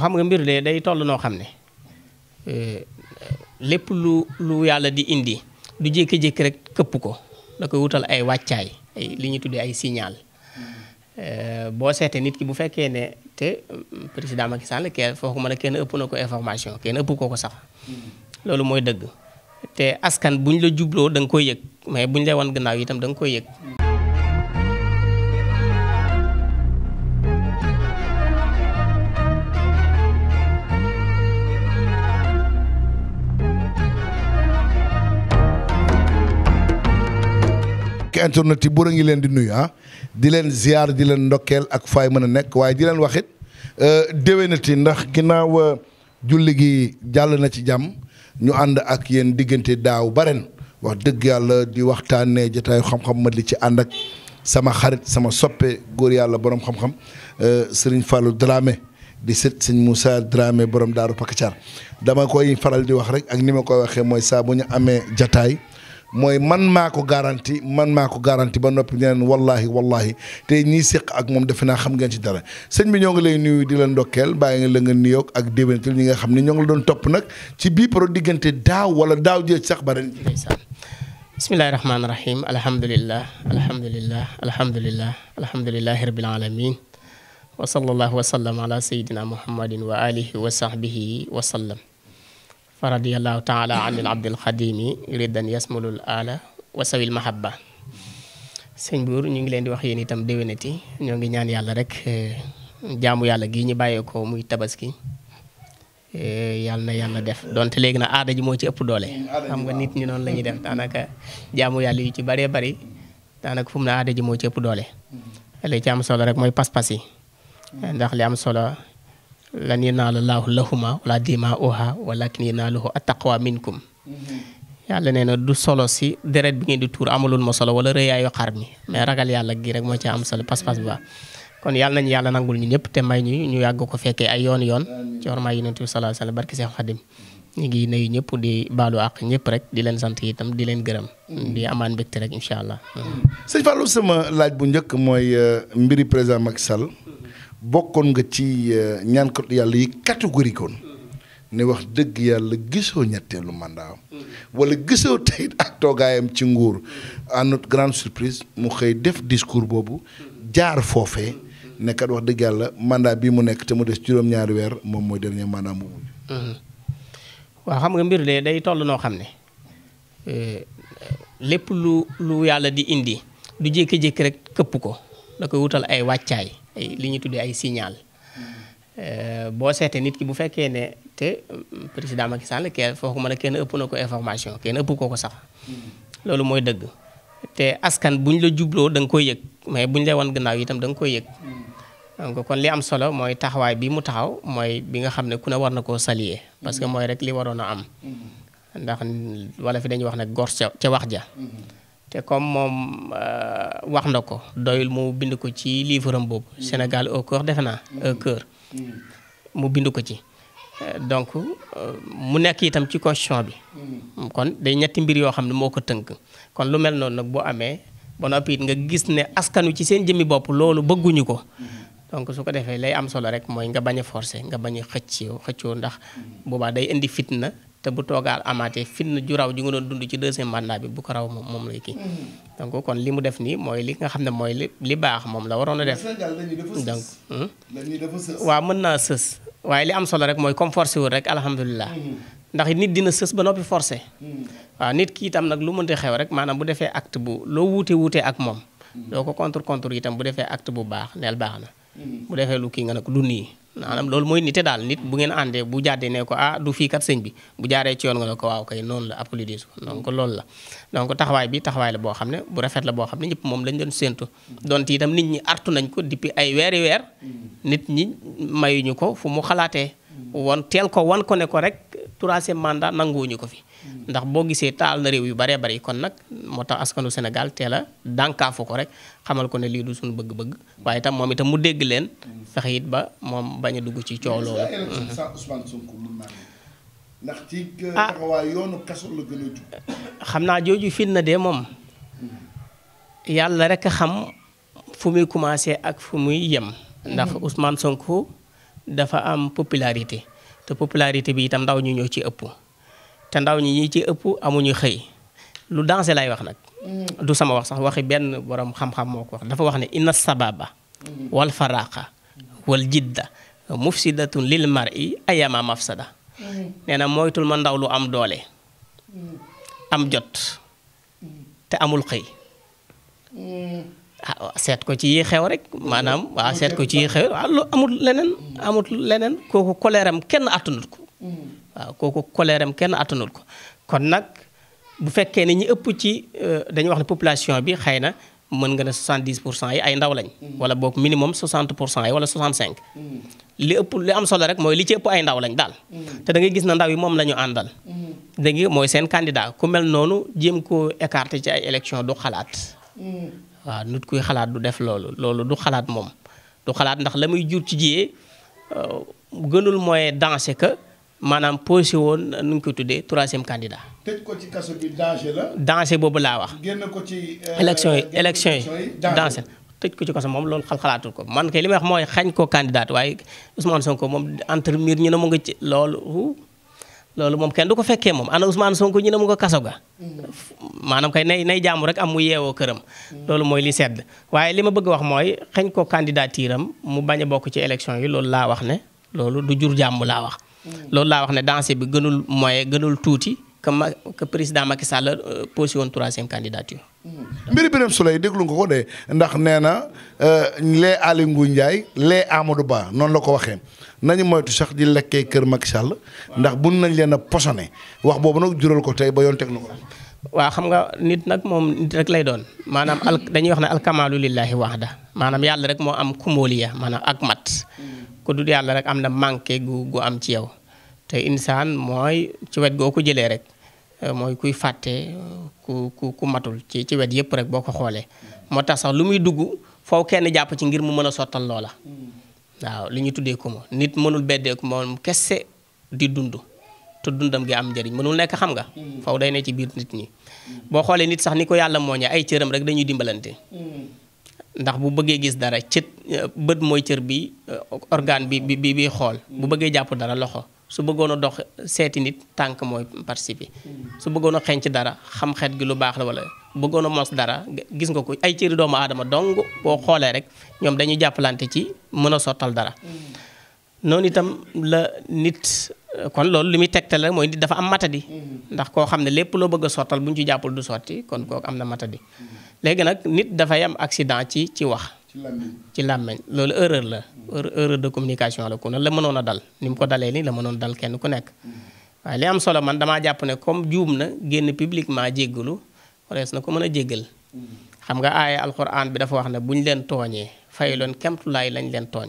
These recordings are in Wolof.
xam nga mbir de day toll noo xam ne euh, lépp lu lu yàlla di indi du jékki-jékki rek këpp ko da koy wutal ay wàccaay li ñu tuddee ay signal mm-hmm. euh, boo seetee nit ki bu fekkee ne te mm, président Macky Sall kenn foofu mën a kenn ëpp na ko information kenn ëpp ko ko sax mm-hmm. loolu mooy dëgg te askan bu ñu la jubloo danga koy yëg mais buñ lay wan gannaaw itam da nga koy yëg mbokki internet yi buur a ngi leen di nuy ah di leen ziar di leen ndokkeel ak faay mën a nekk waaye di leen waxit euh, déwénati ndax ginnaaw euh, julli gi jàll na ci jàmm ñu ànd ak yéen diggante daaw ba ren wax dëgg yàlla di waxtaanee jotaayu xam-xam ma di ci ànd ak sama xarit sama soppe góor yàlla borom xam-xam euh, sëriñ Fallou Dramé di sët sëñ Moussa Dramé borom daaru Pakacaar dama koy faral di wax rek ak ni ma koy waxee mooy saa bu ñu amee jataay mooy man maa ko garanti man maa ko garanti ba noppi ne leen wallaahi wallaahi te ñiy séq ak moom defe naa xam ngeen ci dara sëñ bi ñoo ngi lay nuyu di la ndokkeel bàyyi nga la nga nuyoo ak déwénital ñi nga xam ne ñoo ngi la doon topp nag ci bii pro diggante daaw wala daaw jël sax ba ren. bismillahi rahmaani rahim alhamdulillah alhamdulillah alhamdulillah alhamdulillahi rabbil alamin wa sallallahu wa sallam ala sayyidina muhammadin wa alihi wa sahbihi wa sallam fa radiyallahu taala an il abdil xadimi riddan yasmulul ala wa sawil mahabba sëñ buur ñu ngi leen di wax yéen itam déwénati ñoo ngi ñaan yàlla rek eh, jaamu yàlla gii ñu bàyyeekoo muy tabaski eh, yàlla na yàlla def donte léegi na aada ji moo ci ëpp doole xam nga nit ñi noonu lañuy ñuy def daanaka jaamu yàlla yu ci bëree bëri daanaka fu mu ne aada ji moo ci ëpp doole mm-hmm. li ci am solo rek mooy pas-pas yi mm-hmm. ndax li am solo lan yanaala laahu lahuma wala dimauha walakin yanaaluhu attaqwa minkum yàlla nee na du solo si deret bi ngeen di tuur amulul ma solo wala rëyaayu xar mi mais ragal yàlla gi rek moo ci am solo pas-pas ba kon yàlla nañu yàlla nangul ñu ñëpp te may ñu ñu yàgg ko fekkee ay yoon yoon ci hormaa yonent bi sallallahu alayhi wasallam barki Seex Xadim ñu ngi nuyu ñëpp di baalu ak ñëpp rek di leen sant itam di leen gërëm di amaan mbégte rek incha allah. sëñ Fallou sama laaj bu njëkk mooy euh, mbiri président Macky Sall bokkoon nga ci euh, ñaankatu yàlla yi catégorie koon wax dëgg yàlla gisoo ñetteelu mandat am wala gisoo tey ak toogaayam ci nguur à notre grande surprise mu xëy def discours boobu jaar foofe nekkat wax dëgg yàlla mandat bi mu nekk te mu des juróom-ñaari weer moom mooy dernier mandat mu mujj. Mhm. waaw xam nga mbir de day toll noo xam ne euh, lépp lu lu yàlla di indi du jékki-jékki rek këpp ko da koy wutal ay wàccaay. li ñu tuddee ay signal euh, boo seetee nit ki bu fekkee ne te euh, président Macky Sall kenn foofu mën a kenn ëpp na ko information kenn ëpp ko ko sax loolu mooy dëgg te askan ñu la jubloo da nga koy yëg mais buñ lay wan gannaaw itam da nga koy yëg donc kon li am solo mooy taxawaay bi mu taxaw mooy bi nga xam ne ku ne war na koo saluer parce que mooy rek li waroon a am mm-hmm. ndax wala fi dañuy wax nag gor ca wax ja mm-hmm. te comme moom euh, wax na ko doyul mu bind ko ci livre boobu mm. Sénégal au cœur defe naa au mm. euh, cœur mm. mu bind ko ci euh, donc mu nekk itam ci constitution bi kon day ñetti mbir yoo xam ne moo ko tënk kon lu mel noonu nag bu amee ba noppi it nga gis ne askanu ci seen jëmmi bopp loolu bëgguñu ko donc su ko defee lay am solo rek mooy nga bañ a forcer nga bañ a xëccoo xëccoo ndax boobaa day indi fitna te bu toogaal amaatee fitna ju raw ji nga doon dund ci deuxième mandat bi bu ko raw moom moom lay kii. Mhm. donc kon li mu def nii mooy li nga xam ne mooy li li baax moom la waroon a def. donc. Hmm? waaw mën naa sës. waaye li am solo rek mooy comme forcé wul rek alhamdulilah. Mhm. ndax nit dina sës ba noppi forcé. Mhm. waaw nit ki itam nag lu mënti xew rek maanaam bu defee act bu loo wuute wuute ak moom. doo ko contre contre itam bu defee act bu baax neel baax na. bu defee lu kii nga maanaam loolu mooy nite daal nit bu ngeen àndee bu jàddee ne ko ah du fii kat sëñ bi bu jaaree ci yoon nga ne ko waaw kay noonu la ab paludisme donc loolu la donc taxawaay bi taxawaay la boo xam ne bu rafet la boo xam ne ñëpp moom lañ doon séentu yi tam nit ñi artu nañ ko depuis ay weeri weer nit ñi mayuñu ko fu mu xalaatee won teel ko wan ko ne ko rek troisième mandat nanguwuñu ko fi ndax boo gisee taal na réew yu baree bari kon nag moo tax askanu senegal teel a dànkaafu ko rek xamal ko ne lii du suñ bëgg-bëgg waaye itam moom itam mu dégg leen fexe it ba moom bañ a dugg ci coow euh, ah. xam naa jooju fitna de moom yàlla rek a xam fu muy commencé ak fu muy yem ndax mm-hmm. Ousmane Sonko dafa am popularité te popularité bi itam ndaw ñu ñoo ci ëpp te ndaw ñi ñi ci ëpp amuñu xëy lu dansé lay wax nag. Mm. du sama wax sax waxi benn borom xam-xam moo ko wax dafa wax ne inna sababa. Mm. wal faraaqa wal jidda mufsidatun lil mar'i ayama mafsada mm. nee na moytul ma ndaw lu am doole. am jot. te amul xëy. Ah, seet ko ci yi xew rek maanaam waa seet ko ci yi xew lu amul leneen. amul leneen kooku koleeram kenn attunut ko. waaw kooku koleeram kenn attanul ko kon nag bu fekkee ne ñi ëpp ci euh, dañuy wax ne population bi xëy na mën nga ne 70 pour cent yi ay ndaw lañ. Mm. wala boog minimum 60 pour cent yi wala 65. Mm. li ëpp li am solo rek mooy li ci ëpp ay ndaw lañ daal. Mm. te da gis na ndaw yi moom la ñu àndal. dégg nga mooy seen candidat ku mel noonu jéem koo écarter ci ay élection du xalaat. waaw nit kuy xalaat du def loolu loolu du xalaat moom du xalaat ndax la muy jur maanaam posé woon nu ñu ko tuddee troisième candidat. tëj ko ci kaso boobu laa wax. génn ko ci. Euh, élection yi élection yi danger tëj ko ci kaso moom loolu xal-xalaatul ko man kay li ma wax mooy xañ ko candidat waaye Ousmane Sonko moom entre mur ñu ne mu ngi ci loolu. loolu moom kenn du ko fekkee moom ana Ousmane Sonko ñu ne mu nga kaso ga. maanaam kay nay nay jàmmu rek am mu yeewoo këram. loolu mooy li sedd waaye li ma bëgg wax mooy xañ ko candidature am mu bañ a bokk ci élection yi loolu laa wax ne loolu du jur jàmm laa wax. Mm. loolu laa wax ne dansé bi gënul moyen gënul tuuti que ma que président Macky Sall euh, posé woon troisième candidature. Mm. mbiri Birame Souleye déglu nga ko de ndax nee na euh, lee Aly Ngouille Ndiaye lee Amadou Ba noonu la ko waxee nañu moytu sax di lekkee kër Macky Sall ndax bun nañ leen a posone wax boobu nag jural ko tey ba yoon teg na ko. waaw xam nga nit nag moom nit rek lay doon maanaam al dañuy wax ne alkamaalu wax da maanaam yàlla rek moo am kumóoliya maanaam ak mat mm. ku yàlla rek am na manqué gu gu am ci yow. te insaan mooy ci wet goo ko jëlee rek euh, mooy kuy fàtte euh, ku ku matul ci ci wet yëpp rek boo ko xoolee moo tax sax lu muy dugg foo kenn jàpp ci ngir mu mën a sottal loola waaw li ñu tuddee ku ma nit mënul beddee ko moom kese di dund te dundam gi am njëriñ mënul nekk xam nga faw day ne ci biir nit ñi boo xoolee nit sax ni ko yàlla moo mooñe ay cëram rek dañuy dimbalante ndax bu bëggee gis dara cët euh, bët mooy cër bi organe bi bi bi xool bu bëggee jàpp dara loxo su bëggoon a dox seeti nit tànk mooy participer hmm. su bëggoon a xeeñ ci dara xam xeet gi lu baax la wala bëggoon a mos dara gis nga ko ay cëri doomu aadama dong boo xoolee rek ñoom dañuy jàppalante ci mën a sottal dara. Hmm. noonu itam la nit kon loolu li muy tegtal rek mooy nit dafa am matadi. Hmm. ndax koo xam ne lépp loo bëgg a sottal bu ñu ci jàppal du sotti kon kooku am na matadi. léegi nag nit dafay am accident ci ci wax. ci làmmiñ loolu erreur la erreur de communication la ku ne la mënoon a dal ni mu ko dalee ni la mënoon dal kenn ku nekk waaye li am solo man damaa jàpp ne comme juum na génn publiquement jéggalu warees na ko mën a jéggal xam nga aaya alxuraan bi dafa wax ne bu ñu leen tooñee fay loon kemtulaay lañ leen tooñ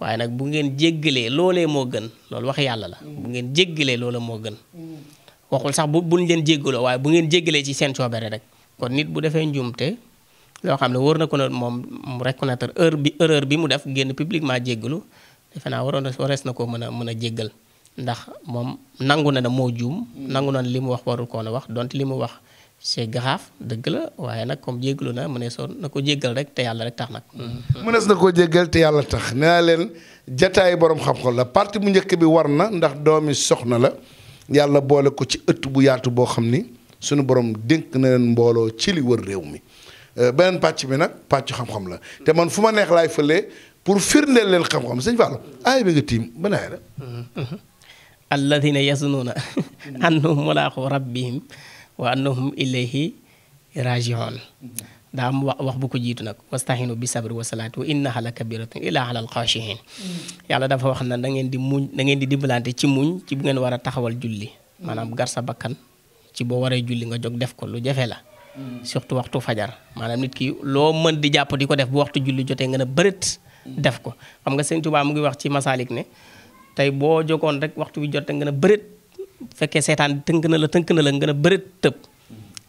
waaye nag bu ngeen jéggalee loolee moo gën loolu wax yàlla la bu ngeen jéggalee loola moo gën waxul sax bu buñ leen jéggaloo waaye bu ngeen jéggalee ci seen coobere rek kon nit bu defee njuumte yoo xam ne wóor na ko ne moom mu reconnaître heure bi erreur bi mu def génn publiquement jéggalu defe naa waroon warees na koo mën a mën a jéggal ndax moom nangu na ne moo juum nangu na li mu wax warul koo na wax donte li mu wax c'est grave dëgg la waaye nag comme jéggalu na mu ne soo na ko jéggal rek te yàlla rek tax nag. Mm-hmm. mënees na koo jéggal te yàlla tax nee leen jataay borom xam-xam la parti bu njëkk bi war na ndax doomi soxna la yàlla boole ko ci ëtt bu yaatu boo xam ni sunu borom dénk na leen mbooloo ci li réew mi. Euh, beneen pàcc bi nag pàcc xam-xam la te man fu ma neex laay fëlee pour firndeel leen xam-xam sëñ Fall aay bi nga tiim ba naay la alladina yasunuuna annahum mulaaqu rabbihim wa annahum ilayhi rajiun daa am wax wax bu ko jiitu nag wastahinu bi sabri wa salaati wa innaha la kabiratun illa alal xaashihin dafa wax na da ngeen di muñ da ngeen di dimbalante ci muñ ci bu ngeen war a taxawal julli maanaam gar sa bakkan ci boo waree julli nga jog def ko lu jafe la surtout waxtu fajar maanaam nit ki loo mën di jàpp di ko def bu waxtu julli jotee nga ne bërët def ko xam nga sëñ Tuubaa mu ngi wax ci masaalik ne tey boo jokoon rek waxtu bi jotee nga ne bërët fekkee seetaan tënk na la tënk na la nga ne bërët tëb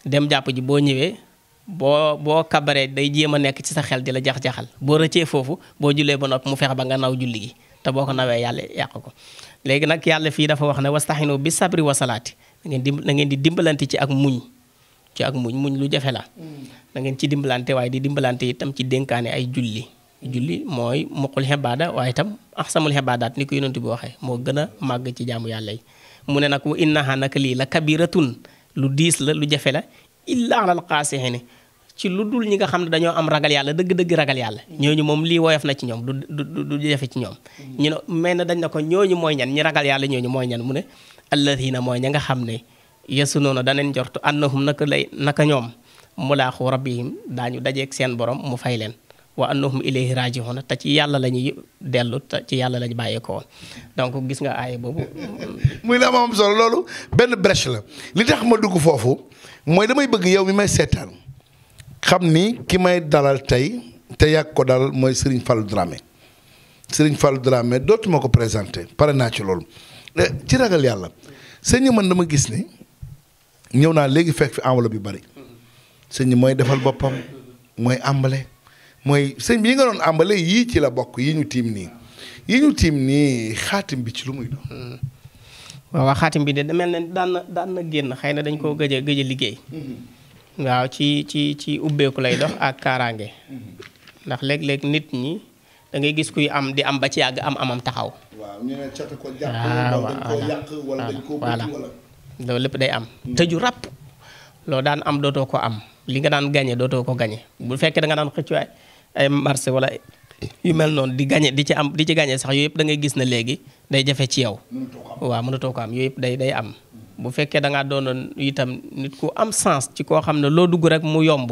dem jàpp ji boo ñëwee boo boo kabaree day jéem a nekk ci sa xel di la jax-jaxal boo rëccee foofu boo jullee ba noppi mu fexe ba nga naw julli gi te boo ko nawee yàlla yàq ko léegi nag yàlla fii dafa wax ne wastaxinu bi sabri wasalaati na ngeen di na ngeen di dimbalante ci ak muñ ci ak muñ muñ lu jafe la da mm. ngeen ci dimbalante waaye di dimbalante tam ci dénkaane ay julli julli mooy muqul xebaada waaye itam axsamul xebaadaat ni ko yonent bi waxee moo gën a màgg ci jaamu yàlla yi mu ne nag wa innaha naka lii la kabiratun lu diis la lu jafe la illa alal qaasixini ci lu dul ñi nga xam ne dañoo am ragal yàlla dëgg-dëgg ragal yàlla mm. ñooñu moom lii woyof na ci ñoom du du du jafe ci ñoom mm. ñu ne na dañ na ko ñooñu mooy ñan ñi ragal yàlla ñooñu mooy ñan mu ne alladina mooy ña nga xam ne yasunoona danañ na annahum naka lay naka ñoom mu laa mulaaxu rabbihim daañu dajeek seen borom mu fay leen waa wa annahum ilayhi raji'un te ci yàlla la ñuy dellu te ci yàlla la ñu donc gis nga aaya boobu. muy la am solo loolu benn brèche la li tax ma dugg foofu mooy damay bëgg yow mi may seetaan xam ni ki may dalal tey te yàgg ko dalal mooy Serigne Fallou Dramé Serigne Fallou Dramé dootuma ko présenté pare naa ci loolu eh, ci ragal yàlla sëñ man dama gis ni. ñëw naa léegi fekk fi enveloppe yu bari sëñ bi mooy defal boppam mooy àmbale mooy sëñ bi yi nga doon àmbale yii ci la bokk yi ñu tiim nii yi ñu tiim nii xaatim bi ci lu muy doon. waaw xaatim bi de mel ne daan na daan na génn xay na dañ koo gëj a gëj liggéey. waaw ci ci ci ubbeeku lay dox ak kaaraange. ndax léeg-léeg nit ñi dangay gis kuy am di am ba ci yàgg am amam taxaw. waaw ñu ne loolu lépp day am tëju ràpp loo daan am dootoo ko am li nga daan gañe dootoo ko gañe bu fekkee da nga daan xëccu ay ay marché wala yu mel noonu di gañe di ci am di ci gañe sax yooyu yëpp dangay gis na léegi day jafe ci yow waaw mënatoo ko am yooyu yëpp day day am bu fekkee da ngaa doonoon itam nit ku am sens ci koo xam ne loo dugg rek mu yomb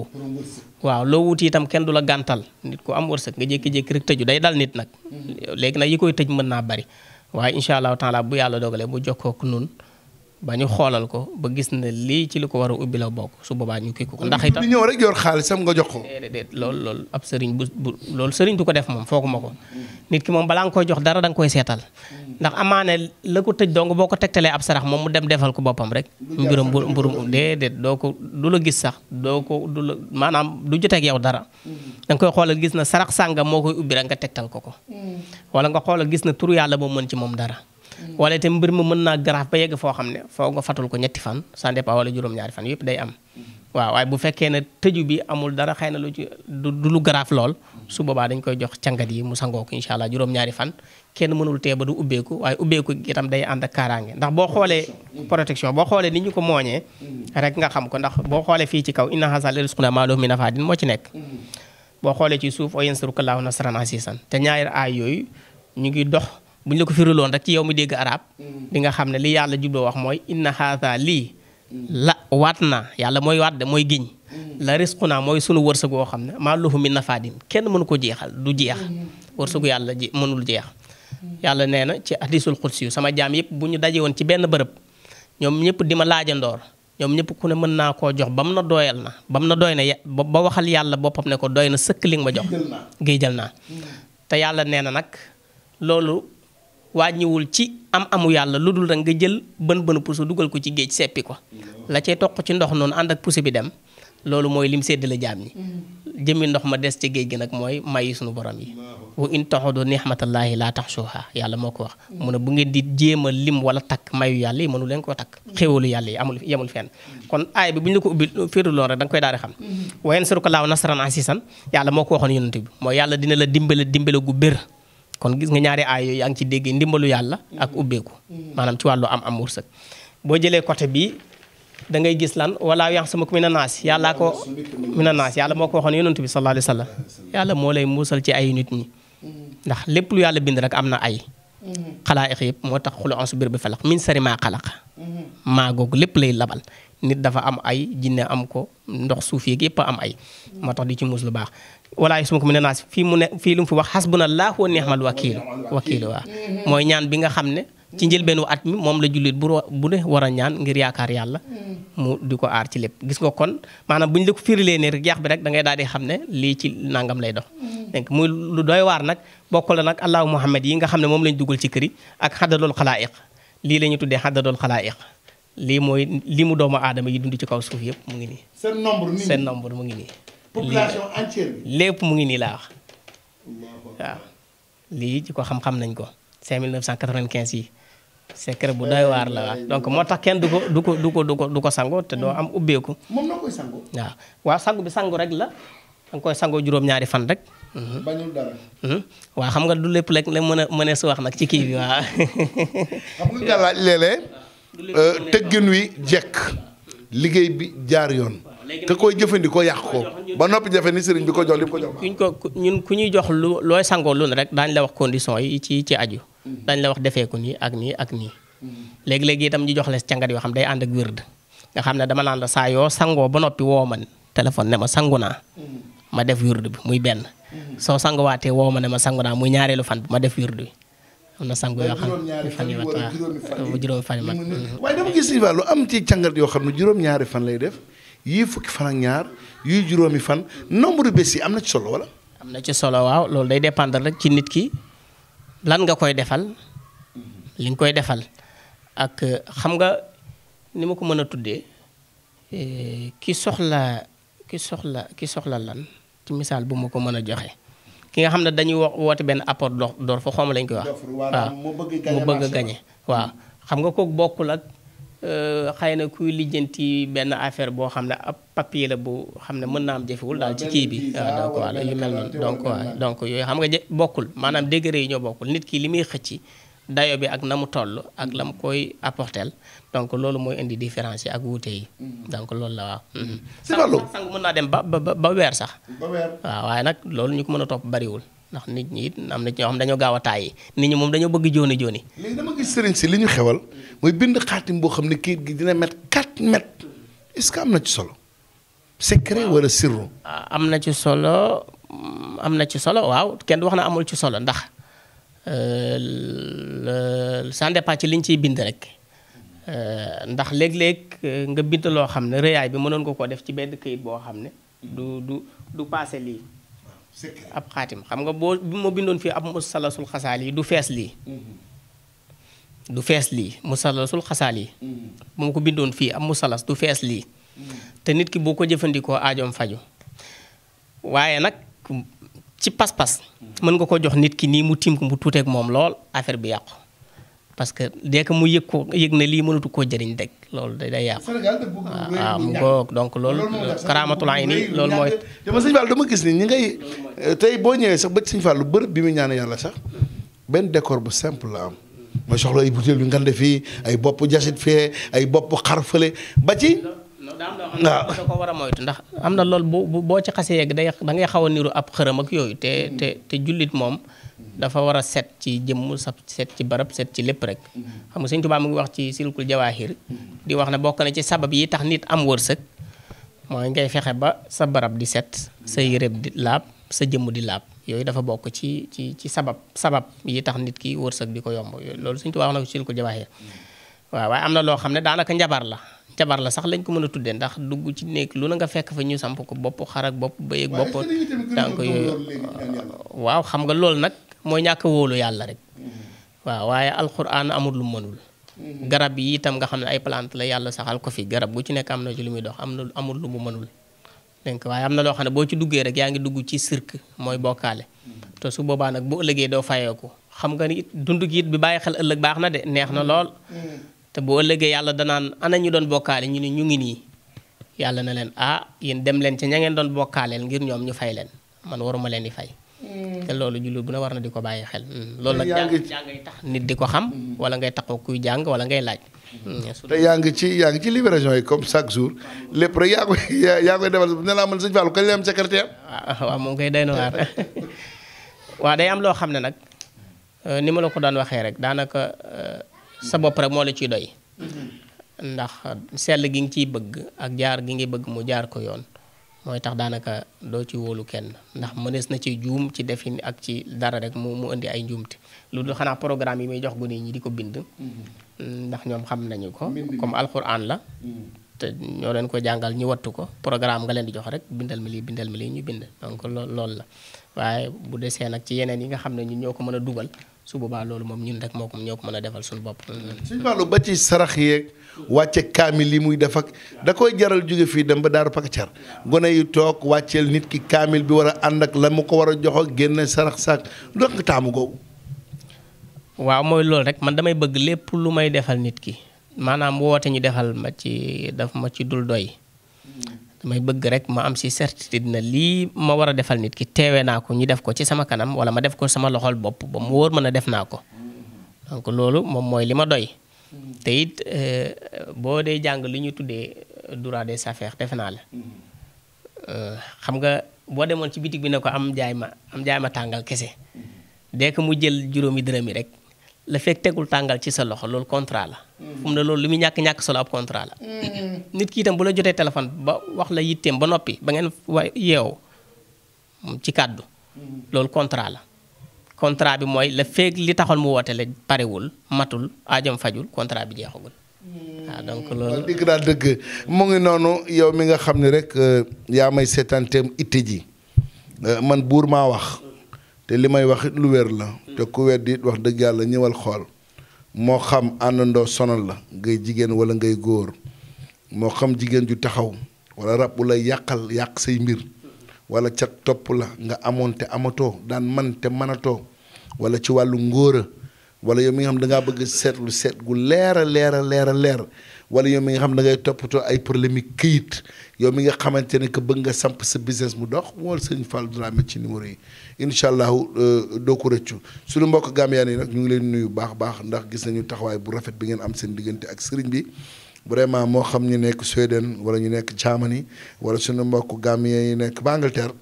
waaw loo wuti itam kenn du la gàntal nit ku am wërsëg nga jékki-jékki rek tëju day dal nit nag mm-hmm. léegi nag yi koy tëj mën naa bari waaye incha allahu taala bu yàlla dogalee bu jokkook nun ba ñu xoolal ko ba gis na lii ci li ko war a ubbi la bokk su boobaa ñu kii ko ndax itam ñëw rek yor xaalisam nga jox ko. déedéet loolu ab sëriñ bu bu loolu sëriñ du ko def moom fooguma ko. nit ki moom balaa nga koy jox dara da nga koy seetal. ndax amaane la ko tëj dong boo ko tegtalee ab sarax moom mu dem defal ko boppam rek. mbirum mbirum déedéet doo ko du la gis sax doo ko du la maanaam du jotee ak yow dara. Mm-hmm. da nga koy xoolal gis na sarax sàngam moo koy ubbi rek nga tegtal ko ko. Mm. wala nga xoolal gis na turu yàlla moo mën ci moom dara. Mm. wala itam mbir mi mën naa garaaf ba yegg foo xam ne foo nga fatul ko ñetti fan ça dépend wala juróom-ñaari fan yëpp day am mm. waaw waaye bu fekkee ne tëju bi amul dara xay na lu ci du lu garaaf lool su boobaa dañ koy jox cangat yi mu sangoo ko incha allah juróom-ñaari fan kenn mënul tee ba du ubbeeku waaye ubbeeku itam day ànd ak kaaraange ndax boo xoolee protection boo xoolee ni ñu ko mooñee mm. rek nga xam ko ndax boo xoolee fii ci kaw inna hasal rizquna ma lahu moo ci nekk boo xoolee ci suuf o yansuruka llahu nasran asisan te ñaari aay bu ñu la ko firiloon rek ci yow mi dégg arab mm. di nga xam ne li yàlla jubloo wax lii mm. la waat na yàlla mooy waat de mooy giñ mm. la risqu naa mooy sunu wërsëg woo xam ne maa lahu min nafaadin kenn mënu ko jeexal du jeex wërsëgu yàlla ji mënul jeex yàlla nee na ci hadisul xudsi yu sama jaam yëpp bu ñu daje woon ci benn bërëb ñoom ñëpp di ma laajandoor ñoom ñëpp ku ne mën naa koo jox ba mu na doyal na ba mu na dooy na ba waxal yàlla boppam ne ko doy na sëkk li ma jox géejal naa te yàlla nee na nag loolu wàññiwul ci am amu yàlla lu dul rek nga jël bën bënu puso dugal ko ci géej seppi ko la cay toq ci ndox noonu ànd ak puso bi dem loolu mooy lim sedd la jaam ñi jëmmi ndox ma des ci géej gi nag mooy mayi sunu borom yi wa in taxudu nixmatallaahi laa taxsuha yàlla moo ko wax mu ne bu ngeen di jéem a lim wala takk mayu yàlla yi mënu leen koo takk xéwalu yàlla yi amul yemul fenn kon aay bi bu ñu la ko ubbi féeruloon rek da koy daal di xam wa yansurka laahu nasran asiisan yàlla moo ko waxoon yonent bi mooy yàlla dina la dimbale dimbale gu bér kon gis nga ñaari aay yooyu yaa ngi ci déggee ndimbalu yàlla ak ubbeeku maanaam ci wàllu am am wërsëg boo jëlee côté bii da ngay gis lan wala yang sama ko mi na naas yàllaa ko mi na naas yàlla moo ko waxoon yonantu bi sallallahu alayhi wa sallam yàlla moo lay muusal ci ay nit ñi ndax lépp lu yàlla bind rek am na ay xalaa xalaayiq yëpp moo tax xulu ansu biir bi falax min sari maa xalaq mm-hmm. maa googu lépp lay labal nit dafa am ay jinne am ko ndox suuf yeeg yëpp am ay moo tax di ci muus lu baax walaa yus ma ko mu ne naa fii mu ne fii lu mu fi wax bu na xasbunallahu wa ni'mal wakiilu wakiilu waa mooy ñaan bi nga xam ne ci njëlbeenu at mi moom la jullit bu bu ne war a ñaan ngir yaakaar yàlla mu di ko aar ci lépp gis nga kon maanaam bu ñu la ko firilee ne rek yàq bi rek da ngay daal di xam ne lii ci nangam lay dox donc muy lu dooy waar nag bokkul nag allahu muhammad yi nga xam ne moom lañ dugal ci kër yi ak xadadul xalaayiq lii la ñu tuddee xadadul xalaayiq lii mooy li mu doomu aadama yi dund ci kaw suuf yëpp mu ngi nii. seen nombre mu ngi nii mu ngi nii. population lépp mu ngi nii laa wax. waaw lii ci ko xam-xam nañ ko. 5995 yi. secret bu doy waar la waaw donc moo tax kenn du ko du ko du ko du ko du ko sango te doo am ubbeeku. moom noo koy waaw waaw sangu bi sangu rek la. da nga koy sangoo juróom-ñaari fan rek. Mhm. Mhm. waa xam nga du lépp rek la mën a mënees wax nag ci kii bi waaw. xam nga Euh, teggin wi jekk liggéey bi jaar yoon te koy jëfandikoo yàq ko ba noppi jafe ni sëriñ bi ko jox li ko ñun ku ñuy jox lu looy sangoo lu ne rek daañ la wax condition yi ci ci aju dañ la wax defee ko nii ak nii ak nii léegi-léegi itam ñu jox la cangat yoo xam day ànd ak wérd nga xam ne dama naan la saa yoo sangoo ba noppi woo ma téléphone ne ma sangu naa ma def wérd bi muy benn mm-hmm. soo sanguwaatee woo ma ne ma sangu naa muy ñaareelu fan bi ma def wérd bi am na sangu yoo xam ne fan yu mat waaw juróomi fan yu mat mm-hmm. waaye ci càngat yoo xam ne juróom-ñaari fan lay def yii fukki fan ak ñaar yii juróomi fan nombre bés yi am na ci solo wala. am na ci solo waaw loolu day dépendre rek ci nit ki lan nga koy defal li nga koy defal ak euh, xam nga ni ma ko mën a tuddee euh, ki soxla ki soxla ki soxla lan ci misaal bu ma ko mën a joxe. ki nga xam ne dañuy wax woote benn apport d'offre fa xawma lañ koy wax. waaw mu bëgg a gañe waaw xam nga kook bokkul ak euh, xëy na kuy lijjanti benn affaire boo xam ne ab papier la bu xam ne mën naa am jëfewul daal ci kii bi waaw ah, donc waaw yu mel noonu donc waaw donc yooyu xam nga bokkul maanaam degré yi ñoo bokkul nit kii li muy xëcci dayo bi ak na mu toll ak la mu koy apporteel donc loolu mooy indi différence yi ak wuute yi. Mm-hmm. donc loolu la waaw. Mm-hmm. si mën naa dem ba ba ba weer sax. ba waaw waaye nag loolu ñu ko mën a topp bariwul. ndax nit ñi it am na ci xam dañoo gaaw a taay nit ñi moom dañoo bëgg jooni jooni. léegi dama si li ñu xewal mooy bind xaatim boo xam ne kayit gi dina met 4 mètres ce am na ci solo. secret wala sirru. Ah, am na ci solo am na ci solo waaw kenn wax na amul ci solo ndax. Euh, ça dépend ci liñ ciy bind rek euh, ndax léeg-léeg euh, nga bind loo xam ne rëyaay bi mënoon ko ko def ci benn këyit boo xam ne du du du paase lii ab xaatim xam nga boo bi ma bindoon fii ab musalasul xasaal yi du fees lii mm-hmm. du fees lii mu musalasul xasaal yi bu mm-hmm. ma ko bindoon fii ab musalas du fees lii mm-hmm. te nit ki boo ko jëfandikoo aajoom faju waaye nag ci pas-pas mën nga koo jox nit ki nii mu tiim ko mu tuuteeg moom lool affaire bi yàqu parce que dès mu yëg ko yëg na lii mënatu koo jariñ rek loolu day day yàqu. waaw mu ah, ah, ngoog donc loolu. karaamatul ay nii loolu mooy. dama sëñ Fall dama gis ni ñi ngay tey boo ñëwee sax ba siñ Fall lu bërëb bi mu ñaan yàlla sax benn décor bu simple la am. mooy soxla ay butéel yu ngande fii ay bopp jasit fee ay bopp xar fële ba ci. da ko war a moytu ndax am na lool bu boo ci xasee yegg day da ngay xaw a niru ab xërëm ak yooyu te te te jullit moom dafa war a set ci jëmm sa set ci barab set ci lépp rek xam nga Sëñ Tuubaa mu ngi wax ci silkul jawaahir di wax ne bokk na ci sabab yi tax nit am wërsëg mooy ngay fexe ba sa barab di set sa yëreb di laab sa jëmm di laab yooyu dafa bokk ci ci ci sabab sabab yi tax nit ki wërsëg di ko yomb loolu Sëñ Tuubaa wax na ko ci silkul jawaahir waaw waaye am na loo xam ne daanaka njabar la jabar la sax lañ ko mën a tuddee ndax dugg ci néeg lu na nga fekk fa ñu samp ko bopp xar ak bopp bëy ak bopp tànk yooyu waaw xam nga loolu nag mooy ñàkk wóolu yàlla rek mm-hmm. waaw waaye alxuraan amul lu mënul mm-hmm. garab yi itam nga xam ne ay palant la yàlla saxal ko fi garab gu ci nekk am na ci lu muy dox am na amul lu mu mënul donc waaye am na loo xam ne boo ci duggee rek yaa ngi dugg ci cirque mooy bokkaale mm-hmm. te su boobaa nag bu ëllëgee doo fayeeku xam nga ni baax na de neex na lool te boo ëllëgee yàlla danaan ana ñu doon bokkaale ñu ne ñu ngi nii yàlla na leen ah yéen dem leen ca ña ngeen doon bokkaaleel ngir ñoom ñu fay leen man waruma leen di fay. Hmm. te loolu jullit bu ne war na di ko bàyyi xel. Hmm. loolu nag jàng nit di ko xam. Hmm. wala ngay taxaw kuy jàng wala ngay laaj. te yaa ngi ci yaa ngi ci libération yi comme chaque jour lépp rek yaa koy yaa koy defal ne laa mën sëñ Fallou kañ la am secrétaire. Ah, moom koy day na waar waaw day am loo xam ne nag euh, ni ma la ko doon waxee rek daanaka euh, sa bopp rek moo la ciy doy ndax sell gi nga ciy bëgg ak jaar gi nga bëgg mu jaar ko yoon mooy tax daanaka doo ci wóolu kenn ndax mënees na ci juum ci defin ak ci dara rek mu mu indi ay njuumte lu dul xanaa programme yi muy jox gone ñi di ko bind mm-hmm. ndax ñoom xam nañu ko comme alxuraan la mm-hmm. te ñoo leen ko jàngal ñu wattu ko programme nga leen di jox rek bindal ma lii bindal ma lii ñu bind donc lool loolu la waaye bu desee nag ci yeneen yi nga xam ne ñun ñoo ko mën a dugal su boobaa loolu moom ñun rek moo ko ñoo ko mën a defal suñu bopp. suñu wàllu ba ci sarax yeeg wàcce kaamil yi muy def ak da koy jaral jóge fii dem ba daaru pakacar gone yu toog wàcceel nit ki kaamil bi war a ànd ak la mu ko war a jox ak génne sarax saak dox taamu googu. waaw mooy loolu rek man damay bëgg lépp lu may defal nit ki maanaam woote ñi defal ma ci daf ma ci dul doy may bëgg rek ma am si certitude na lii ma war a defal nit ki teewee naa ko ñu def ko ci sama kanam wala ma def ko sama loxol bopp ba mu wóor mën a def naa ko donc loolu moom mooy li ma doy. te it euh, boo dee jàng li ñu tuddee euh, droit de affaires defe naa la euh, xam nga boo demoon ci bitig bi ne ko am jaay ma am jaay ma tàngal kese dès que mu jël juróomi dërëm yi rek la fekk tegul tàngal ci sa loxo loolu contrat la. fu mu ne loolu lu muy ñàkk ñàkk solo ab contrat la. nit kii itam bu la jotee téléphone ba wax la yitteem ba noppi ba ngeen wa yeewu ci kàddu. loolu contrat la. contrat bi mooy la feeg li taxal mu woote la parewul matul aajam fajul contrat bi jeexagul. waaw donc loolu digg naa dëgg mu ngi noonu yow mi nga xam ne rek euh, yaa may seetanteem itte ji euh, man buur maa wax te li may wax it lu wér la te ku weddi it wax dëgg yàlla ñëwal xool. moo xam àndandoo sonal la ngay jigéen wala ngay góor moo xam jigéen ju taxaw wala rab la yàqal yàq say mbir wala ca topp la nga amoon te amatoo daan man te manatoo wala ci wàllu ngóora walla yow mi nga xam da bëgg seetlu seet gu leer a leer a leer a leer wala yow mi nga xam da ngay toppatoo ay problème yi këyit yow mi nga xamante ne que bëgg nga samp sa business mu dox wool sëñ Fall Dramé ci numéro yi incha allahu euh, doo ko rëccu suñu mbokk Gambien yi nag ñu ngi leen nuyu baax baax ndax gis nañu taxawaay bu rafet bi ngeen am seen diggante ak sëriñ bi vraiment moo xam ñu nekk Suède wala ñu nekk Germany wala suñu mbokk Gambien yi nekk ba Angleterre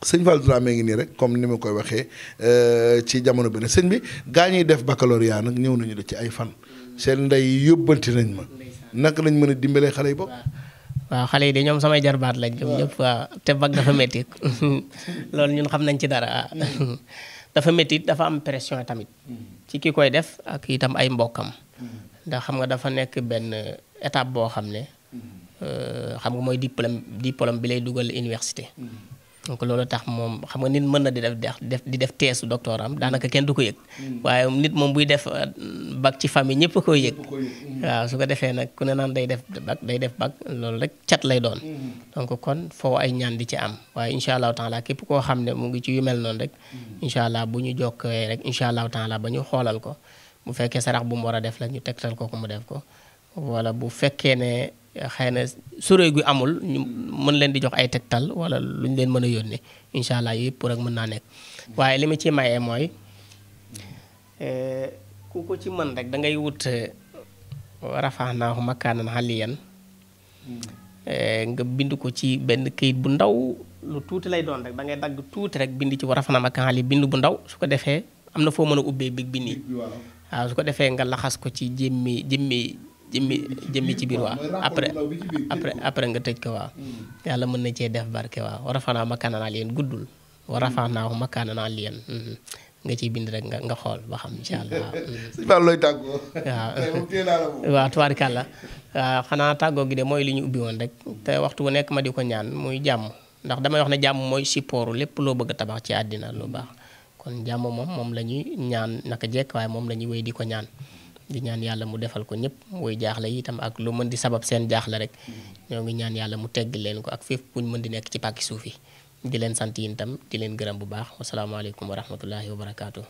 sëñ Fall Dramé ngi nii rek comme ni ma koy waxee euh, ci jamono bi ne sëñ bi gaa ñuy def baccalauréat nag ñëw nañu la ci ay fan. seen ndey yóbbanti nañ ma. naka lañ mën a dimbalee xale yi bopp. waaw xale yi de ñoom samay jarbaat lañ. ñoom ñëpp waa te bac dafa métti loolu ñun xam nañ ci dara. dafa métti dafa am pression tamit. ci ki koy def ak itam ay mbokkam. ndax xam nga dafa nekk benn étape boo xam ne. Mm-hmm. Euh, xam nga mooy diplôme diplôme bi lay dugal université. Mm-hmm. donc loolu tax moom xam nga nit mën na di def def di def teesu doctorat am daanaka kenn du ko yëg. Hmm. waaye nit moom buy def euh, bac ci famille ñëpp koy yëg. Hmm. waaw su ko defee nag ku ne naan day def bac day def bac loolu rek cat lay doon. Hmm. donc kon foo ay ñaan di ci am waaye incha allahu taala képp koo xam ne mu ngi ci yu mel noonu rek. incha allah bu ñu jokkee rek incha allahu taala ba ñu xoolal ko bu fekkee sarax bu mu war a def la ñu tegtal ko ko mu def ko xëy na soree gu amul mën leen di jox ay tegtal wala lu ñu leen mën a yónnee incha allah yëpp rek mën naa nekk waaye li ma ci maye mooy eh, ku ko ci mën rek dangay wut eh, rafaanaahu makaanan aliyan hmm. eh, nga bind ko ci benn këyit bu ndaw lu tuuti lay doon rek da ngay dagg tuuti rek bind ci rafaanaahu makaanan aliyan bind bu ndaw su ko defee am na foo mën a ubbee big bi nii waaw su ko defee nga laxas ko ci jëmmi jëmmi jëmmi jëmmi ci biir waaw après après après nga tëj ko waa hmm. yàlla mën na cee def barke waaw warafanaa makkaananaa leen guddul warafanaa hmm. makkaananaa leen hmm. nga ciy bind rek nga nga xool ba xam incha allah. sëñ Ba looy tàggoo. xanaa tàggoo gi de mooy li ñu ubbi woon rek te waxtu bu nekk ma di ko ñaan muy jàmm ndax damay wax ne jàmm mooy support lépp loo bëgg a tabax ci àddina lu baax kon jàmm moom moom la ñuy ñaan naka jekk waaye moom la ñuy wéy di ko ñaan. di ñaan yàlla mu defal ko ñëpp muy jaaxle itam ak lu mën di sabab seen jaaxle rek ñoo ngi ñaan yàlla mu tegg leen ko ak fépp buñ mën di nekk ci pàkki suuf yi di leen sant yi itam di leen gërëm bu baax wasalaamaaleykum wa rahmatullahi wa barakaatu.